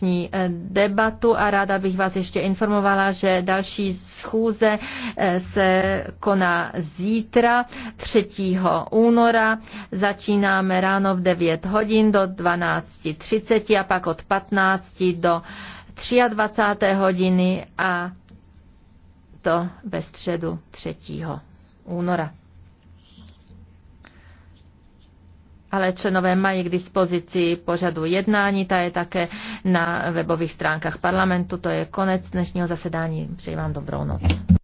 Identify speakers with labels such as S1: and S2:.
S1: dnešní eh, debatu a ráda bych vás ještě informovala, že další schůze eh, se koná zítra 3. února. Začínáme ráno v 9 hodin do 12.30 a pak od 15 do 23. hodiny a to ve středu 3. února. ale členové mají k dispozici pořadu jednání, ta je také na webových stránkách parlamentu. To je konec dnešního zasedání. Přeji vám dobrou noc.